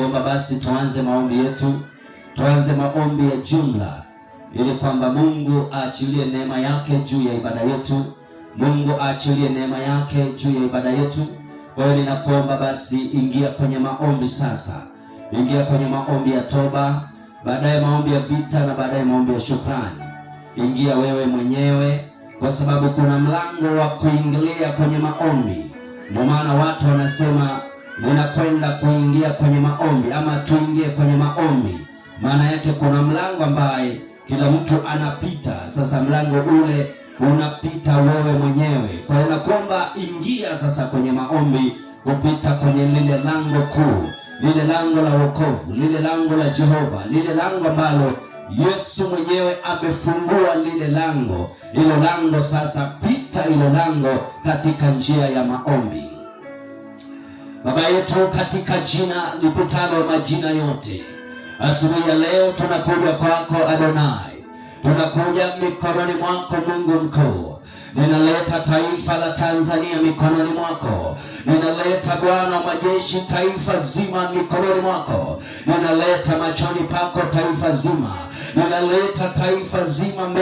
kuomba, basi tuanze maombi yetu, tuanze maombi ya jumla, ili kwamba Mungu aachilie neema yake juu ya ibada yetu. Mungu aachilie neema yake juu ya ibada yetu. Kwa hiyo ninakuomba basi, ingia kwenye maombi sasa, ingia kwenye maombi ya toba, baadaye maombi ya vita na baadaye maombi ya shukrani. Ingia wewe mwenyewe, kwa sababu kuna mlango wa kuingilia kwenye maombi. Ndio maana watu wanasema unakwenda kuingia kwenye maombi ama tuingie kwenye maombi. Maana yake kuna mlango ambaye kila mtu anapita. Sasa mlango ule unapita wewe mwenyewe, kwa hiyo nakuomba ingia sasa kwenye maombi, kupita kwenye lile lango kuu, lile lango la wokovu, lile lango la Jehova, lile lango ambalo Yesu mwenyewe amefungua lile lango. Hilo lango sasa, pita hilo lango katika njia ya maombi. Baba yetu katika jina lipitalo majina yote, asubuhi ya leo tunakuja kwako Adonai, tunakuja mikononi mwako Mungu mkuu. Ninaleta taifa la Tanzania mikononi mwako, ninaleta Bwana wa majeshi taifa zima mikononi mwako, ninaleta machoni pako taifa zima, ninaleta taifa zima